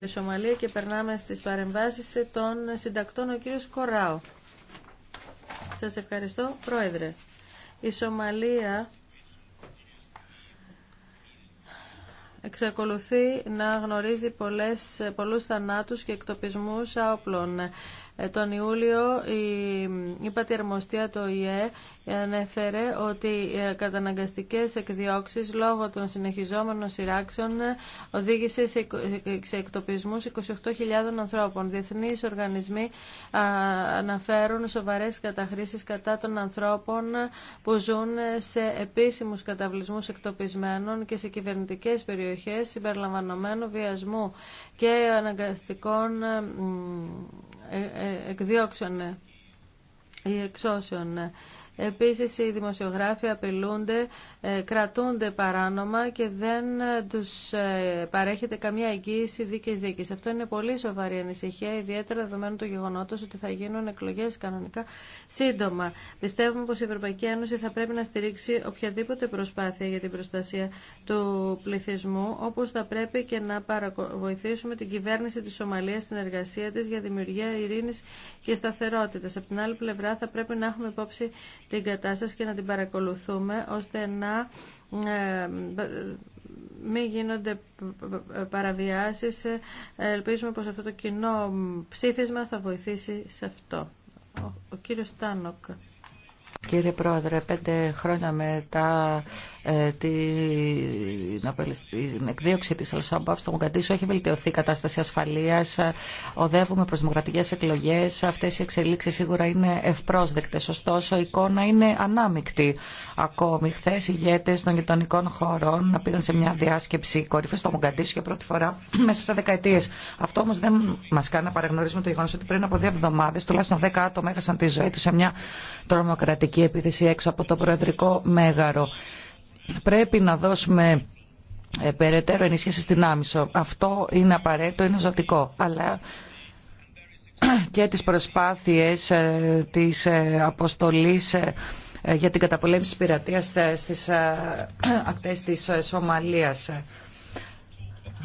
στη Σομαλία και περνάμε στις παρεμβάσεις των συντακτών ο κύριος Κοράο. Σας ευχαριστώ, Πρόεδρε. Η Σομαλία εξακολουθεί να γνωρίζει πολλού πολλούς θανάτους και εκτοπισμούς άοπλων. Ε, τον Ιούλιο η πατιαρμοστία το ΙΕ ανέφερε ότι ε, καταναγκαστικές εκδιώξεις λόγω των συνεχιζόμενων σειράξεων ε, οδήγησε σε εκτοπισμούς 28.000 ανθρώπων. Διεθνείς οργανισμοί αναφέρουν σοβαρές καταχρήσεις κατά των ανθρώπων που ζουν σε επίσημους καταβλισμούς εκτοπισμένων και σε κυβερνητικές περιοχές συμπεριλαμβανομένου βιασμού και αναγκαστικών ε, ε, εκδιώξεων ή εξώσεων Επίσης οι δημοσιογράφοι απειλούνται, ε, κρατούνται παράνομα και δεν ε, τους ε, παρέχεται καμία εγγύηση δίκαιης δίκης. Αυτό είναι πολύ σοβαρή ανησυχία, ιδιαίτερα δεδομένου του γεγονότος ότι θα γίνουν εκλογές κανονικά σύντομα. Πιστεύουμε πως η Ευρωπαϊκή Ένωση θα πρέπει να στηρίξει οποιαδήποτε προσπάθεια για την προστασία του πληθυσμού, όπως θα πρέπει και να βοηθήσουμε την κυβέρνηση της Σομαλίας στην εργασία της για δημιουργία ειρήνης και σταθερότητας. Από την άλλη πλευρά θα πρέπει να έχουμε υπόψη την κατάσταση και να την παρακολουθούμε ώστε να ε, μην γίνονται παραβιάσεις. Ελπίζουμε πως αυτό το κοινό ψήφισμα θα βοηθήσει σε αυτό. Ο κύριος Τάνοκ. Κύριε Πρόεδρε, πέντε χρόνια μετά ε, την, την εκδίωξη της Αλσαμπάφ στο Μογκαντήσου έχει βελτιωθεί η κατάσταση ασφαλείας. Ε, οδεύουμε προς δημοκρατικές εκλογές. Αυτές οι εξελίξεις σίγουρα είναι ευπρόσδεκτες. Ωστόσο, η εικόνα είναι ανάμεικτη ακόμη. Χθε οι ηγέτες των γειτονικών χωρών πήγαν σε μια διάσκεψη κορυφή στο Μογκαντήσου για πρώτη φορά μέσα σε δεκαετίες. Αυτό όμως δεν μας κάνει να παραγνωρίζουμε το γεγονό ότι πριν από δύο εβδομάδε. τουλάχιστον δέκα άτομα έχασαν τη ζωή τους σε μια τρομοκρατική η επίθεση έξω από το Προεδρικό Μέγαρο. Πρέπει να δώσουμε ε, περαιτέρω ενίσχυση στην Άμυσο. Αυτό είναι απαραίτητο, είναι ζωτικό. Αλλά και τις προσπάθειες ε, της ε, αποστολής για την καταπολέμηση της πειρατείας στις ακτές της Σομαλίας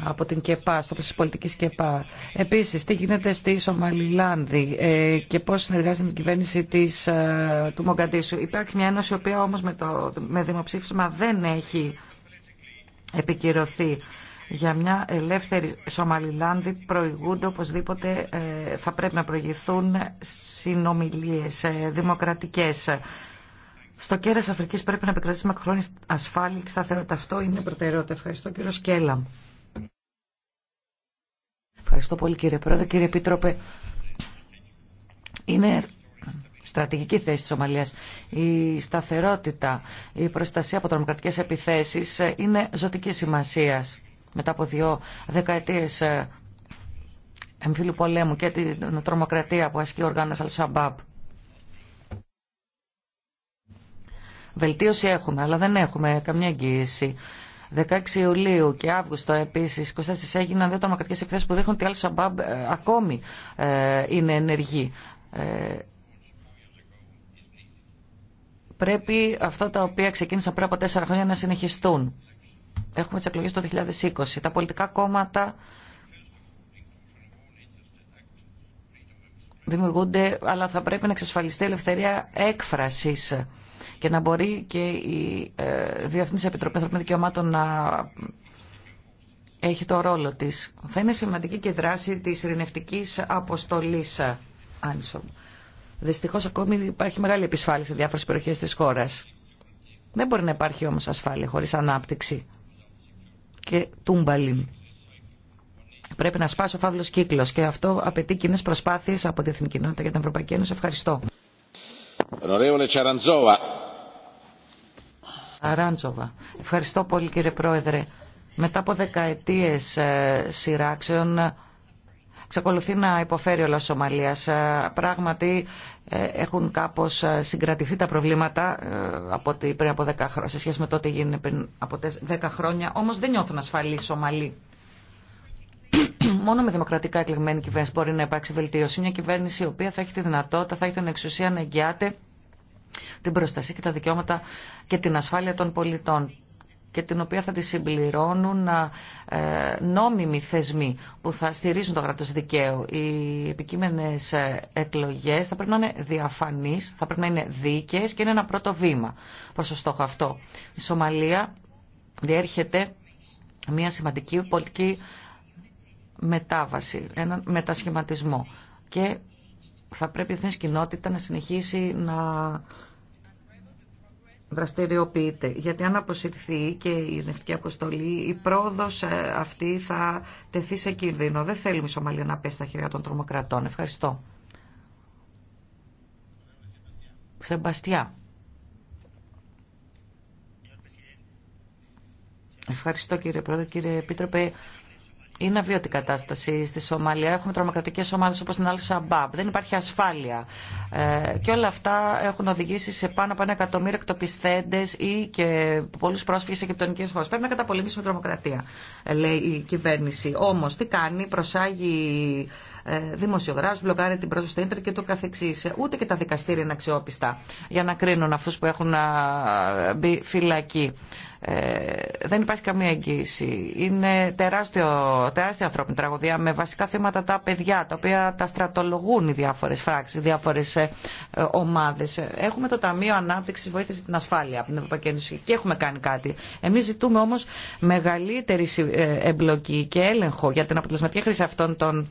από την ΚΕΠΑ, στο πλαίσιο τη πολιτική ΚΕΠΑ. Επίση, τι γίνεται στη Σομαλιλάνδη ε, και πώ συνεργάζεται με την κυβέρνηση της, ε, του Μογκαντήσου. Υπάρχει μια ένωση, η οποία όμω με, με δημοψήφισμα δεν έχει επικυρωθεί. Για μια ελεύθερη Σομαλιλάνδη προηγούνται οπωσδήποτε ε, θα πρέπει να προηγηθούν συνομιλίες δημοκρατικές. Στο κέρα Αφρική πρέπει να επικρατήσει χρόνια ασφάλεια και σταθερότητα. Αυτό είναι προτεραιότητα. Ευχαριστώ κύριο Σκέλαμ. Ευχαριστώ πολύ κύριε Πρόεδρε. Κύριε Επίτροπε, είναι στρατηγική θέση της Σομαλίας. Η σταθερότητα, η προστασία από τρομοκρατικές επιθέσεις είναι ζωτική σημασίας. Μετά από δύο δεκαετίες ε, εμφύλου πολέμου και την τρομοκρατία που ασκεί ο οργάνος Βελτίωση έχουμε, αλλά δεν έχουμε καμιά εγγύηση 16 Ιουλίου και Αύγουστο επίση 24 έγιναν δύο τρομοκρατικέ εκθέσει που δείχνουν ότι η Al-Shabaab ε, ακόμη ε, είναι ενεργή. Ε, πρέπει αυτά τα οποία ξεκίνησαν πριν από τέσσερα χρόνια να συνεχιστούν. Έχουμε τι εκλογέ το 2020. Τα πολιτικά κόμματα δημιουργούνται, αλλά θα πρέπει να εξασφαλιστεί ελευθερία έκφρασης και να μπορεί και η ε, Διεθνής Επιτροπή Ανθρωπίνων Δικαιωμάτων να έχει το ρόλο της. Θα είναι σημαντική και δράση της ειρηνευτικής αποστολής δυστυχώ, Δυστυχώς ακόμη υπάρχει μεγάλη επισφάλεια σε διάφορες περιοχές της χώρας. Δεν μπορεί να υπάρχει όμως ασφάλεια χωρίς ανάπτυξη και τούμπαλιν. Πρέπει να σπάσει ο φαύλο κύκλο και αυτό απαιτεί κοινέ προσπάθειε από την Εθνική Κοινότητα και την Ευρωπαϊκή Ένωση. Ευχαριστώ. Αράντζοβα. Ευχαριστώ πολύ κύριε Πρόεδρε. Μετά από δεκαετίε ε, σειράξεων εξακολουθεί να υποφέρει ο λαός Σομαλίας. Ε, πράγματι ε, έχουν κάπως συγκρατηθεί τα προβλήματα από πριν από 10 χρόνια, σε σχέση με τότε έγινε πριν από 10 χρόνια, όμως δεν νιώθουν ασφαλείς Σομαλοί. μόνο με δημοκρατικά εκλεγμένη κυβέρνηση μπορεί να υπάρξει βελτίωση. Μια κυβέρνηση η οποία θα έχει τη δυνατότητα, θα έχει την εξουσία να εγγυάται την προστασία και τα δικαιώματα και την ασφάλεια των πολιτών και την οποία θα τη συμπληρώνουν ε, νόμιμοι θεσμοί που θα στηρίζουν το κράτος δικαίου. Οι επικείμενες ε, εκλογές θα πρέπει να είναι διαφανείς, θα πρέπει να είναι δίκαιες και είναι ένα πρώτο βήμα προς το στόχο αυτό. Η Σομαλία διέρχεται μια σημαντική πολιτική μετάβαση, έναν μετασχηματισμό και θα πρέπει η εθνική κοινότητα να συνεχίσει να δραστηριοποιείται. Γιατί αν αποσυρθεί και η ειρηνευτική αποστολή, η πρόοδο ε, αυτή θα τεθεί σε κίνδυνο. Δεν θέλουμε η Σομαλία να πέσει στα χέρια των τρομοκρατών. Ευχαριστώ. Σεμπαστιά. Ευχαριστώ κύριε Πρόεδρε. Κύριε Επίτροπε, είναι αβίωτη κατάσταση στη Σομαλία. Έχουμε τρομοκρατικέ ομάδε όπω την Al-Shabaab. Δεν υπάρχει ασφάλεια. Ε, και όλα αυτά έχουν οδηγήσει σε πάνω από ένα εκατομμύριο εκτοπιστέντε ή και πολλού πρόσφυγε σε γειτονικέ χώρε. Πρέπει να καταπολεμήσουμε τρομοκρατία, ε, λέει η κυβέρνηση. Όμω, τι κάνει, προσάγει ε, δημοσιογράφου, μπλοκάρει την πρόσβαση στο ίντερνετ και το καθεξή. Ε, ούτε και τα δικαστήρια είναι αξιόπιστα για να κρίνουν αυτού που έχουν μπει φυλακή. Ε, δεν υπάρχει καμία εγγύηση. Είναι τεράστιο, τεράστια ανθρώπινη τραγωδία με βασικά θέματα τα παιδιά, τα οποία τα στρατολογούν οι διάφορες φράξεις, οι διάφορες ε, ομάδες. Έχουμε το Ταμείο Ανάπτυξης Βοήθειας την Ασφάλεια από την Ευρωπαϊκή Ένωση και έχουμε κάνει κάτι. Εμείς ζητούμε όμως μεγαλύτερη ε, εμπλοκή και έλεγχο για την αποτελεσματική χρήση αυτών των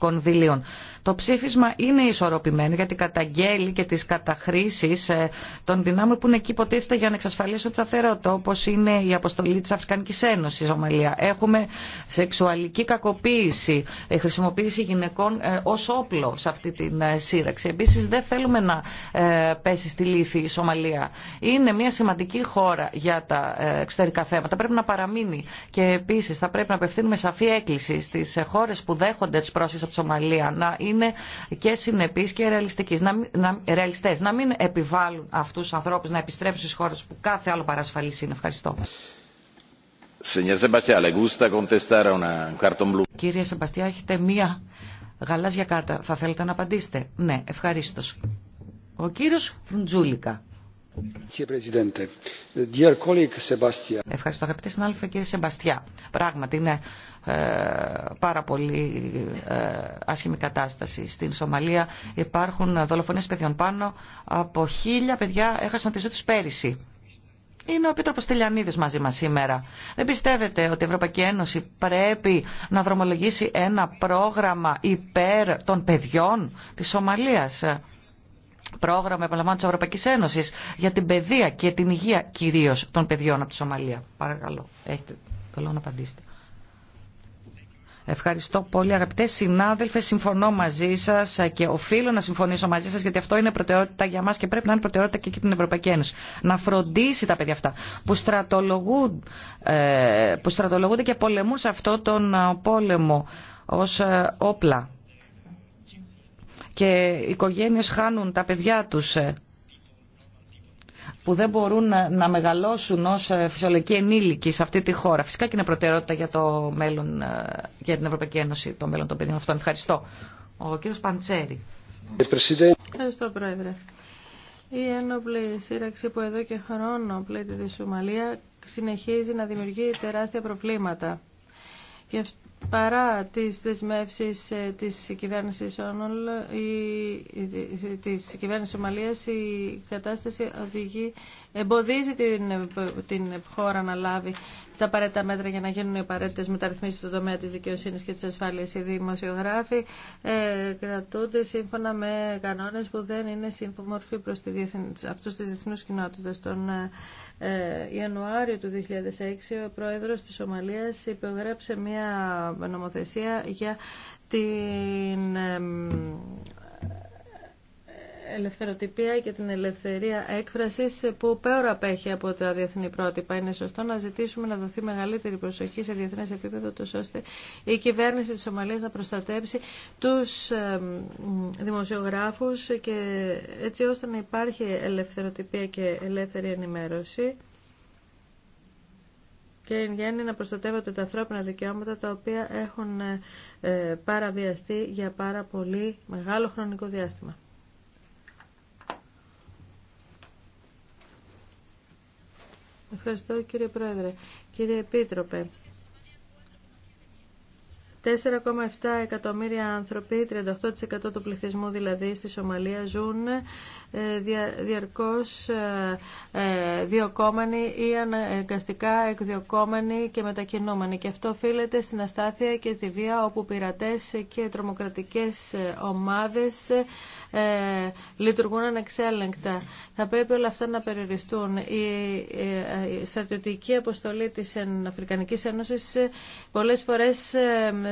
κονδυλίων. Το ψήφισμα είναι ισορροπημένο γιατί καταγγέλει και τις καταχρήσεις ε, των δυνάμεων που είναι εκεί υποτίθεται για να εξασφαλίσουν τη σταθερότητα όπως είναι η αποστολή της Αφρικανικής Ένωσης Ομαλία. Έχουμε σεξουαλική κακοποίηση, ε, χρησιμοποίηση γυναικών ε, ως όπλο σε αυτή την σύραξη. Επίσης δεν θέλουμε να πέσει στη λύθη η Σομαλία. Είναι μια σημαντική χώρα για τα εξωτερικά θέματα. Πρέπει να παραμείνει και επίσης θα πρέπει να απευθύνουμε σαφή έκκληση στι χώρε που δέχονται τις πρόσφυγες Σομαλία να είναι και συνεπεί και ρεαλιστέ, Να, να, να μην επιβάλλουν αυτού του ανθρώπου να επιστρέψουν στι χώρε που κάθε άλλο παρασφαλή είναι. Ευχαριστώ. Κύριε Σεμπαστιά, έχετε μία γαλάζια κάρτα. Θα θέλετε να απαντήσετε. Ναι, ευχαρίστω. Ο κύριος Φρουντζούλικα. Ευχαριστώ αγαπητέ συνάδελφε κύριε Σεμπαστιά. Πράγματι είναι ε, πάρα πολύ ε, άσχημη κατάσταση. Στην Σομαλία υπάρχουν δολοφονίες παιδιών πάνω από χίλια παιδιά έχασαν τη ζωή τους πέρυσι. Είναι ο Επίτροπος Τελιανίδης μαζί μας σήμερα. Δεν πιστεύετε ότι η Ευρωπαϊκή Ένωση πρέπει να δρομολογήσει ένα πρόγραμμα υπέρ των παιδιών της Σομαλίας πρόγραμμα επαναλαμβάνω της Ευρωπαϊκής Ένωσης για την παιδεία και την υγεία κυρίω των παιδιών από τη Σομαλία. Παρακαλώ, έχετε το λόγο να απαντήσετε. Ευχαριστώ πολύ αγαπητέ συνάδελφε. Συμφωνώ μαζί σα και οφείλω να συμφωνήσω μαζί σα γιατί αυτό είναι προτεραιότητα για μα και πρέπει να είναι προτεραιότητα και για την Ευρωπαϊκή Ένωση. Να φροντίσει τα παιδιά αυτά που, στρατολογούν, ε, που στρατολογούνται και πολεμούν σε αυτόν τον ε, πόλεμο ω ε, όπλα και οι οικογένειες χάνουν τα παιδιά τους ε, που δεν μπορούν να μεγαλώσουν ως ε, φυσιολογικοί ενήλικοι σε αυτή τη χώρα. Φυσικά και είναι προτεραιότητα για, το μέλλον, ε, για την Ευρωπαϊκή Ένωση το μέλλον των παιδιών αυτών. Ευχαριστώ. Ο κύριος Παντσέρη. Ευχαριστώ, Πρόεδρε. Η ένοπλη σύραξη που εδώ και χρόνο πλήττει τη Σομαλία συνεχίζει να δημιουργεί τεράστια προβλήματα. Γι' αυτό παρά τις δεσμεύσεις ε, της κυβέρνησης Όνολ, η, της κυβέρνησης Ομαλίας, η κατάσταση οδηγεί, εμποδίζει την, την χώρα να λάβει τα απαραίτητα μέτρα για να γίνουν οι απαραίτητες μεταρρυθμίσεις στον τομέα της δικαιοσύνης και της ασφάλειας. Οι δημοσιογράφοι ε, κρατούνται σύμφωνα με κανόνες που δεν είναι σύμφωνοι προ αυτού τη διεθνού των ε, ε, Ιανουάριο του 2006 ο πρόεδρος της Ομαλίας υπογράψε μια νομοθεσία για την ελευθεροτυπία και την ελευθερία έκφρασης που πέρα απέχει από τα διεθνή πρότυπα. Είναι σωστό να ζητήσουμε να δοθεί μεγαλύτερη προσοχή σε διεθνέ επίπεδο ώστε η κυβέρνηση της Σομαλίας να προστατεύσει τους δημοσιογράφους και έτσι ώστε να υπάρχει ελευθεροτυπία και ελεύθερη ενημέρωση και εν γέννη να προστατεύονται τα ανθρώπινα δικαιώματα τα οποία έχουν ε, παραβιαστεί για πάρα πολύ μεγάλο χρονικό διάστημα. Ευχαριστώ κύριε Πρόεδρε. Κύριε Επίτροπε, 4,7 εκατομμύρια άνθρωποι, 38% του πληθυσμού δηλαδή στη Σομαλία ζουν ε, διαρκώς ε, ε, διοκόμενοι ή αναγκαστικά εκδιοκόμενοι και μετακινούμενοι. Και αυτό οφείλεται στην αστάθεια και τη βία όπου πειρατές και τρομοκρατικές ομάδες λειτουργούν ανεξέλεγκτα. Θα πρέπει όλα αυτά να περιοριστούν. Η στρατιωτική αποστολή της Αφρικανικής Ένωσης πολλές φορές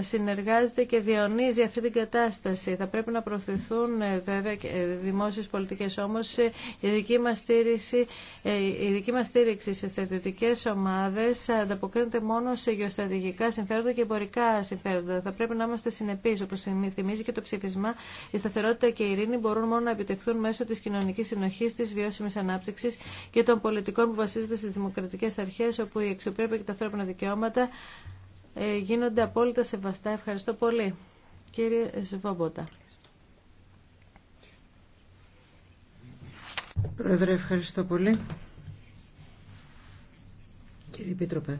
συνεργάζεται και διονύζει αυτή την κατάσταση. Θα πρέπει να προωθηθούν ε, βέβαια ε, δημόσιες πολιτικές όμως ε, η δική μας στήριξη, η σε στρατιωτικές ομάδες ανταποκρίνεται μόνο σε γεωστρατηγικά συμφέροντα και εμπορικά συμφέροντα. Θα πρέπει να είμαστε συνεπείς όπως θυμίζει και το ψήφισμα. Η σταθερότητα και η ειρήνη μπορούν μόνο να επιτευχθούν μέσω της κοινωνικής συνοχής, της βιώσιμης ανάπτυξης και των πολιτικών που βασίζονται στις δημοκρατικές αρχές όπου η εξωπρέπεια και τα ανθρώπινα δικαιώματα ε, γίνονται απόλυτα σεβαστά. Ευχαριστώ πολύ. Κύριε Σβόμποτα. Πρόεδρε, ευχαριστώ πολύ. Κύριε Επίτροπε,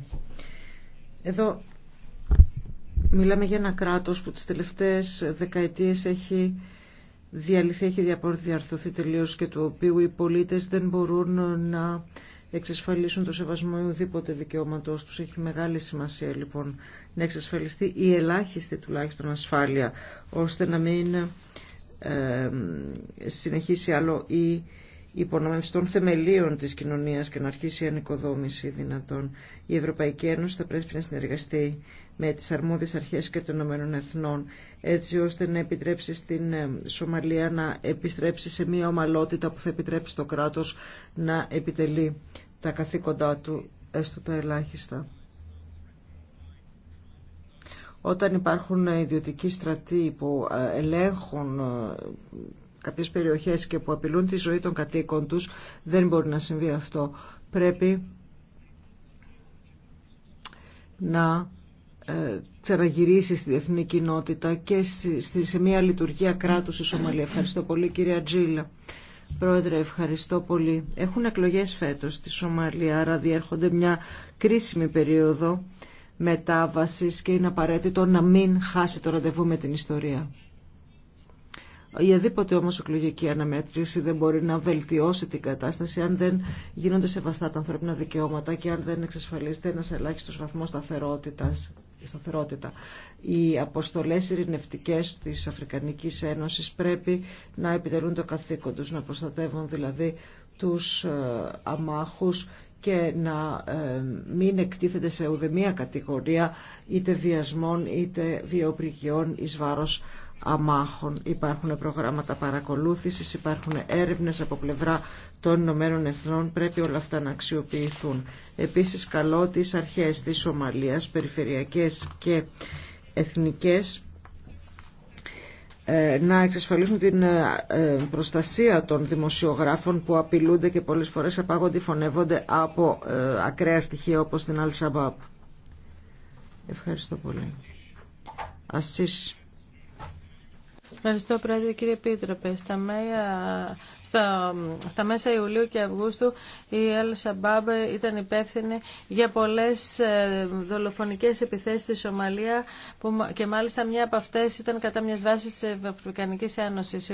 εδώ μιλάμε για ένα κράτος που τις τελευταίες δεκαετίες έχει διαλυθεί, έχει διαπορδιαρθωθεί τελείως και του οποίου οι πολίτες δεν μπορούν να εξασφαλίσουν το σεβασμό ουδήποτε δικαιώματός του Έχει μεγάλη σημασία λοιπόν να εξασφαλιστεί η ελάχιστη τουλάχιστον ασφάλεια, ώστε να μην ε, συνεχίσει άλλο η υπονομεύση των θεμελίων της κοινωνίας και να αρχίσει η ανοικοδόμηση δυνατών. Η Ευρωπαϊκή Ένωση θα πρέπει να συνεργαστεί με τις αρμόδιες αρχές και των Ηνωμένων Εθνών έτσι ώστε να επιτρέψει στην ε, Σομαλία να επιστρέψει σε μια ομαλότητα που θα επιτρέψει το κράτος να επιτελεί τα καθήκοντά του έστω τα ελάχιστα. Όταν υπάρχουν ε, ιδιωτικοί στρατοί που ε, ελέγχουν κάποιες περιοχές και που απειλούν τη ζωή των κατοίκων τους, δεν μπορεί να συμβεί αυτό. Πρέπει να ε, ξαναγυρίσει στη διεθνή κοινότητα και σε μια λειτουργία κράτου στη Σομαλία. Ευχαριστώ πολύ κυρία Τζίλα. Πρόεδρε, ευχαριστώ πολύ. Έχουν εκλογέ φέτο στη Σομαλία, άρα διέρχονται μια κρίσιμη περίοδο μετάβαση και είναι απαραίτητο να μην χάσει το ραντεβού με την ιστορία. Η αδίποτε όμως εκλογική αναμέτρηση δεν μπορεί να βελτιώσει την κατάσταση αν δεν γίνονται σεβαστά τα ανθρώπινα δικαιώματα και αν δεν εξασφαλίζεται ένας ελάχιστος βαθμός σταθερότητας η σταθερότητα. Οι αποστολές ειρηνευτικές της Αφρικανικής Ένωσης πρέπει να επιτελούν το καθήκον τους, να προστατεύουν δηλαδή τους ε, αμάχους και να ε, μην εκτίθεται σε ουδεμία κατηγορία είτε βιασμών είτε βιοπρικιών εις βάρος αμάχων. Υπάρχουν προγράμματα παρακολούθησης, υπάρχουν έρευνες από πλευρά των Ηνωμένων Εθνών, πρέπει όλα αυτά να αξιοποιηθούν. Επίσης καλώ τις αρχές της Σομαλίας, περιφερειακές και εθνικές, ε, να εξασφαλίσουν την ε, ε, προστασία των δημοσιογράφων που απειλούνται και πολλές φορές απάγονται φωνεύονται από ακραία στοιχεία όπως την Al-Shabaab. Ευχαριστώ πολύ. Ευχαριστώ, Πρόεδρε, κύριε Επίτροπε. Στα, μέια, στα, στα μέσα Ιουλίου και Αυγούστου η Ελ Σαμπάμπ ήταν υπεύθυνη για πολλές ε, δολοφονικές επιθέσεις στη Σομαλία που, και μάλιστα μια από αυτές ήταν κατά μιας βάσης της Αφρικανικής Ένωσης.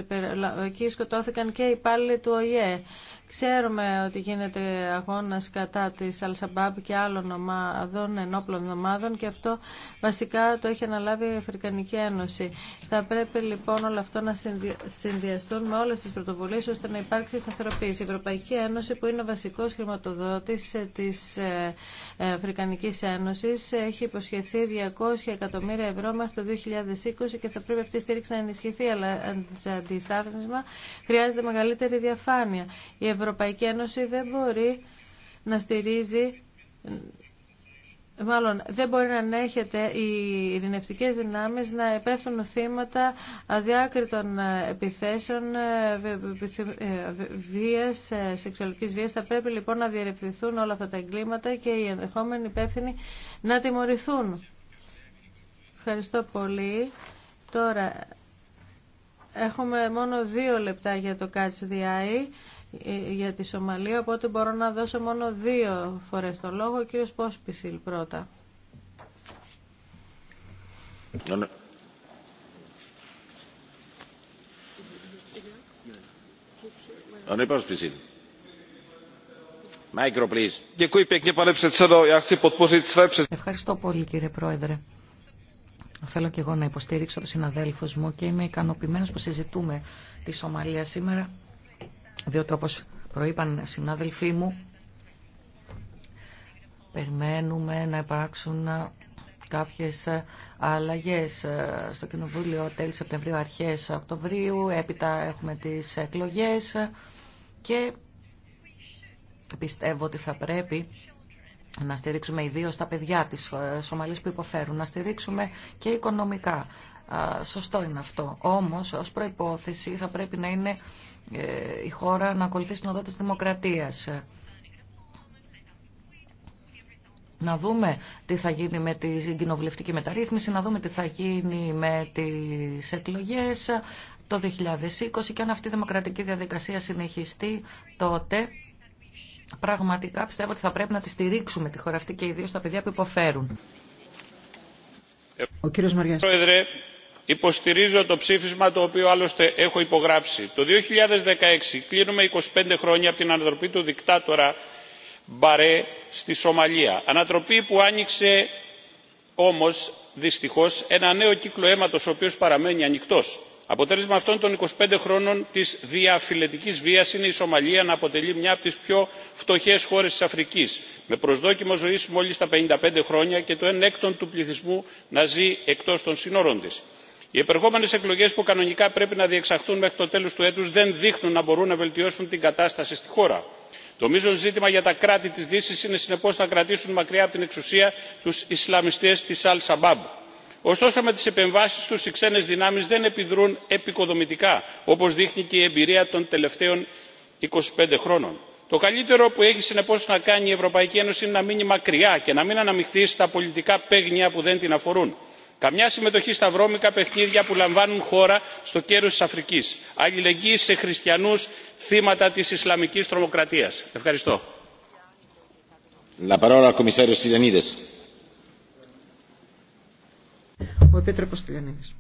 Εκεί σκοτώθηκαν και οι υπάλληλοι του ΟΗΕ. Ξέρουμε ότι γίνεται αγώνας κατά της Αλσαμπάμπ και άλλων ομάδων, ενόπλων ομάδων και αυτό βασικά το έχει αναλάβει η Αφρικανική Ένωση. Θα πρέπει λοιπόν λοιπόν όλα να συνδυαστούν με όλες τις πρωτοβουλίες ώστε να υπάρξει σταθεροποίηση. Η Ευρωπαϊκή Ένωση που είναι ο βασικός χρηματοδότης ε, της ε, Αφρικανικής Ένωσης έχει υποσχεθεί 200 εκατομμύρια ευρώ μέχρι το 2020 και θα πρέπει αυτή η στήριξη να ενισχυθεί αλλά σε αντιστάθμισμα χρειάζεται μεγαλύτερη διαφάνεια. Η Ευρωπαϊκή Ένωση δεν μπορεί να στηρίζει μάλλον δεν μπορεί να ανέχεται οι ειρηνευτικέ δυνάμεις να επέφτουν θύματα αδιάκριτων ε, επιθέσεων, ε, ε, βίας, σεξουαλικής βίας. Θα πρέπει λοιπόν να διερευνηθούν όλα αυτά τα εγκλήματα και οι ενδεχόμενοι υπεύθυνοι να τιμωρηθούν. Ευχαριστώ πολύ. Τώρα έχουμε μόνο δύο λεπτά για το Catch the Eye για τη Σομαλία, οπότε μπορώ να δώσω μόνο δύο φορές το λόγο. Ο κύριος Πόσπισιλ πρώτα. Ευχαριστώ πολύ κύριε Πρόεδρε. Θέλω και εγώ να υποστηρίξω τους συναδέλφους μου και είμαι ικανοποιημένος που συζητούμε τη Σομαλία σήμερα διότι όπως προείπαν συνάδελφοί μου, περιμένουμε να υπάρξουν κάποιες αλλαγές στο Κοινοβούλιο τέλη Σεπτεμβρίου, αρχές Οκτωβρίου, έπειτα έχουμε τις εκλογές και πιστεύω ότι θα πρέπει να στηρίξουμε ιδίω τα παιδιά της ε, Σομαλής που υποφέρουν, να στηρίξουμε και οικονομικά. Σωστό είναι αυτό. Όμως, ως προϋπόθεση θα πρέπει να είναι ε, η χώρα να ακολουθεί στην οδό της δημοκρατίας. Να δούμε τι θα γίνει με την κοινοβουλευτική μεταρρύθμιση, να δούμε τι θα γίνει με τις εκλογές το 2020 και αν αυτή η δημοκρατική διαδικασία συνεχιστεί τότε Πραγματικά πιστεύω ότι θα πρέπει να τη στηρίξουμε τη χώρα αυτή και ιδίω τα παιδιά που υποφέρουν. Ο κύριος Μαριάς. Πρόεδρε, υποστηρίζω το ψήφισμα το οποίο άλλωστε έχω υπογράψει. Το 2016 κλείνουμε 25 χρόνια από την ανατροπή του δικτάτορα Μπαρέ στη Σομαλία. Ανατροπή που άνοιξε όμω, δυστυχώ ένα νέο κύκλο αίματο, ο οποίο παραμένει ανοιχτό αποτέλεσμα αυτών των 25 χρόνων της διαφυλετικής βίας είναι η Σομαλία να αποτελεί μια από τις πιο φτωχές χώρες της Αφρικής, με προσδόκιμο ζωής μόλις τα 55 χρόνια και το 1 έκτον του πληθυσμού να ζει εκτός των σύνορων της. Οι επερχόμενες εκλογές που κανονικά πρέπει να διεξαχθούν μέχρι το τέλος του έτους δεν δείχνουν να μπορούν να βελτιώσουν την κατάσταση στη χώρα. Το μείζον ζήτημα για τα κράτη της Δύσης είναι συνεπώς να κρατήσουν μακριά από την εξουσία τους Ισλάμιστέ τη Αλ Σαμπάμπ ωστόσο με τις επεμβάσεις τους οι ξένες δυνάμεις δεν επιδρούν επικοδομητικά όπως δείχνει και η εμπειρία των τελευταίων 25 χρόνων. Το καλύτερο που έχει συνεπώς να κάνει η Ευρωπαϊκή Ένωση είναι να μείνει μακριά και να μην αναμειχθεί στα πολιτικά παίγνια που δεν την αφορούν. Καμιά συμμετοχή στα βρώμικα παιχνίδια που λαμβάνουν χώρα στο κέρος της Αφρικής. Αλληλεγγύη σε χριστιανούς θύματα της Ισλαμικής τρομοκρατίας. Ευχαριστώ. Ο Επίτροπος Τηλιανίδης.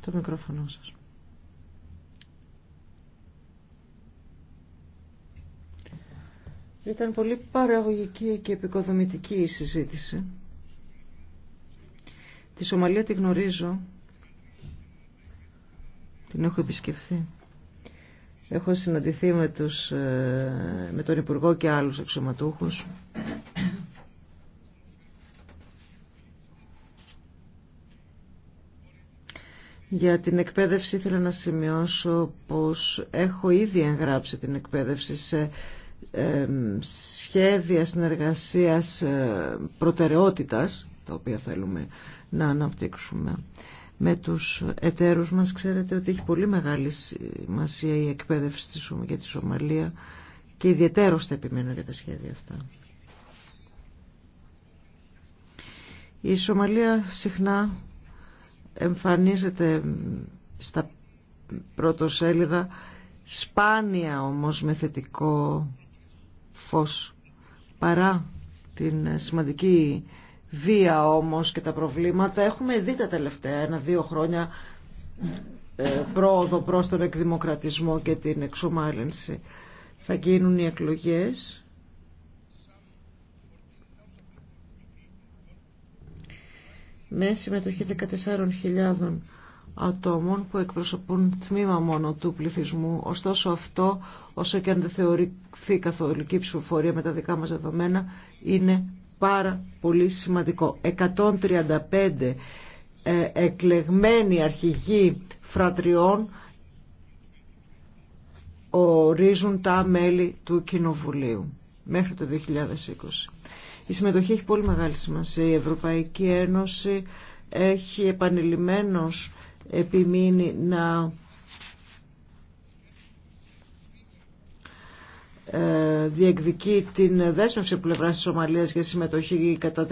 Το μικρόφωνο σας. Ήταν πολύ παραγωγική και επικοδομητική η συζήτηση. Τη Σομαλία τη γνωρίζω. Την έχω επισκεφθεί. Έχω συναντηθεί με, τους, ε, με τον Υπουργό και άλλους αξιωματούχους. Για την εκπαίδευση ήθελα να σημειώσω πως έχω ήδη εγγράψει την εκπαίδευση σε σχέδια συνεργασίας ε, προτεραιότητας, τα οποία θέλουμε να αναπτύξουμε με τους εταίρους μας. Ξέρετε ότι έχει πολύ μεγάλη σημασία η εκπαίδευση για τη Σομαλία και ιδιαίτερο θα επιμένω για τα σχέδια αυτά. Η Σομαλία συχνά εμφανίζεται στα πρώτο σέλιδα σπάνια όμως με θετικό φως παρά την σημαντική βία όμως και τα προβλήματα έχουμε δει τα τελευταία ένα-δύο χρόνια ε, πρόοδο προς τον εκδημοκρατισμό και την εξομάλυνση θα γίνουν οι εκλογές με συμμετοχή 14.000 ατόμων που εκπροσωπούν τμήμα μόνο του πληθυσμού. Ωστόσο αυτό, όσο και αν δεν θεωρηθεί καθολική ψηφοφορία με τα δικά μας δεδομένα, είναι πάρα πολύ σημαντικό. 135 ε, εκλεγμένοι αρχηγοί φρατριών ορίζουν τα μέλη του Κοινοβουλίου μέχρι το 2020. Η συμμετοχή έχει πολύ μεγάλη σημασία. Η Ευρωπαϊκή Ένωση έχει επανειλημμένως επιμείνει να Ε, διεκδικεί την δέσμευση πλευρά τη Σομαλία για συμμετοχή κατά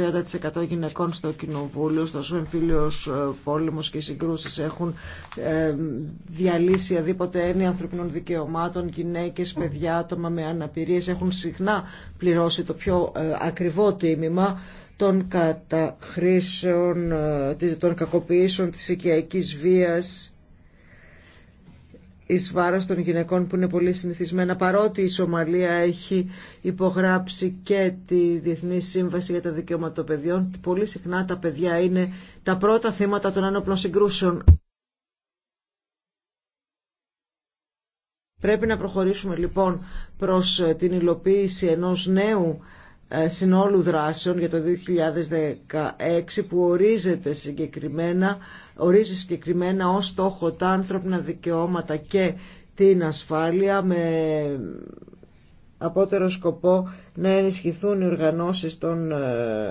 30% γυναικών στο Κοινοβούλιο. Ωστόσο, ο εμφύλιο ε, πόλεμο και οι συγκρούσει έχουν ε, διαλύσει αδίποτε έννοια ανθρωπίνων δικαιωμάτων. Γυναίκε, παιδιά, άτομα με αναπηρίε έχουν συχνά πληρώσει το πιο ακριβό τίμημα των καταχρήσεων, των κακοποιήσεων της οικιακής βίας εις βάρος των γυναικών που είναι πολύ συνηθισμένα παρότι η Σομαλία έχει υπογράψει και τη Διεθνή Σύμβαση για τα Δικαιώματα των Παιδιών πολύ συχνά τα παιδιά είναι τα πρώτα θύματα των ανώπλων συγκρούσεων. Πρέπει να προχωρήσουμε λοιπόν προς την υλοποίηση ενός νέου ε, συνόλου δράσεων για το 2016 που ορίζεται συγκεκριμένα, ορίζει συγκεκριμένα ως στόχο τα ανθρώπινα δικαιώματα και την ασφάλεια με απότερο σκοπό να ενισχυθούν οι οργανώσεις των ε,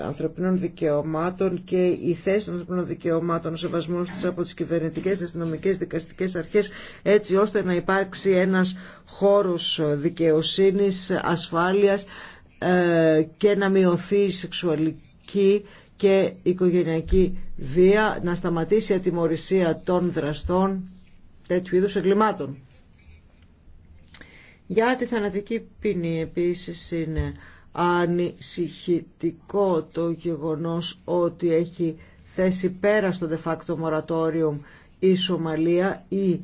ανθρωπινών δικαιωμάτων και η θέση των ανθρωπινών δικαιωμάτων, ο σεβασμός τους από τις κυβερνητικές, αστυνομικές, δικαστικές αρχές, έτσι ώστε να υπάρξει ένας χώρος δικαιοσύνης, ασφάλειας, ε, και να μειωθεί η σεξουαλική και οικογενειακή βία, να σταματήσει η ατιμορρησία των δραστών τέτοιου είδους εγκλημάτων. Για τη θανατική ποινή επίσης είναι ανησυχητικό το γεγονός ότι έχει θέσει πέρα στο de facto moratorium η Σομαλία η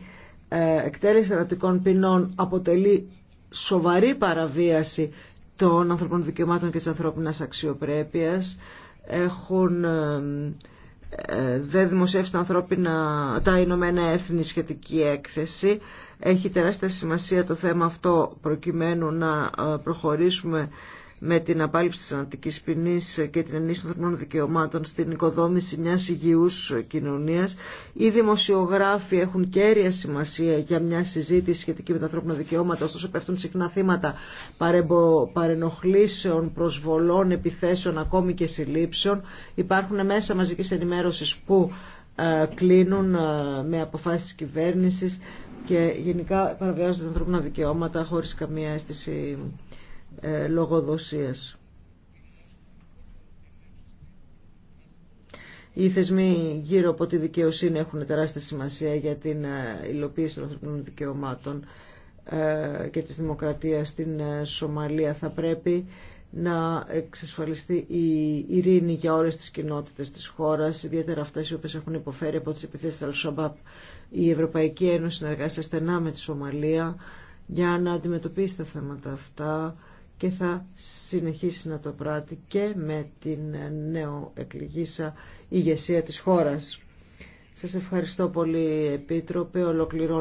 ε, εκτέλεση θανατικών ποινών αποτελεί σοβαρή παραβίαση των ανθρωπών δικαιωμάτων και της ανθρώπινας αξιοπρέπειας έχουν ε, ε, δεν δημοσιεύσει τα, ανθρώπινα, τα Ηνωμένα Έθνη σχετική έκθεση. Έχει τεράστια σημασία το θέμα αυτό προκειμένου να ε, προχωρήσουμε με την απάλληψη της ανατικής ποινής και την ενίσχυση των θερμών δικαιωμάτων στην οικοδόμηση μιας υγιούς κοινωνίας. Οι δημοσιογράφοι έχουν κέρια σημασία για μια συζήτηση σχετική με τα ανθρώπινα δικαιώματα, ωστόσο πέφτουν συχνά θύματα παρενοχλήσεων, προσβολών, επιθέσεων, ακόμη και συλλήψεων. Υπάρχουν μέσα μαζικής ενημέρωσης που ε, κλείνουν ε, με αποφάσεις κυβέρνησης και γενικά παραβιάζονται ανθρώπινα δικαιώματα χωρίς καμία αίσθηση ε, λογοδοσίας. Οι θεσμοί γύρω από τη δικαιοσύνη έχουν τεράστια σημασία για την ε, υλοποίηση των ανθρωπίνων δικαιωμάτων ε, και της δημοκρατίας στην Σομαλία. Θα πρέπει να εξασφαλιστεί η ειρήνη για όλες τις κοινότητες της χώρας, ιδιαίτερα αυτές οι οποίες έχουν υποφέρει από τις επιθέσεις Al-Shabaab. Η Ευρωπαϊκή Ένωση συνεργάζεται στενά με τη Σομαλία για να αντιμετωπίσει τα θέματα αυτά και θα συνεχίσει να το πράττει και με την νέο εκλεγήσα ηγεσία της χώρας. Σας ευχαριστώ πολύ Επίτροπε.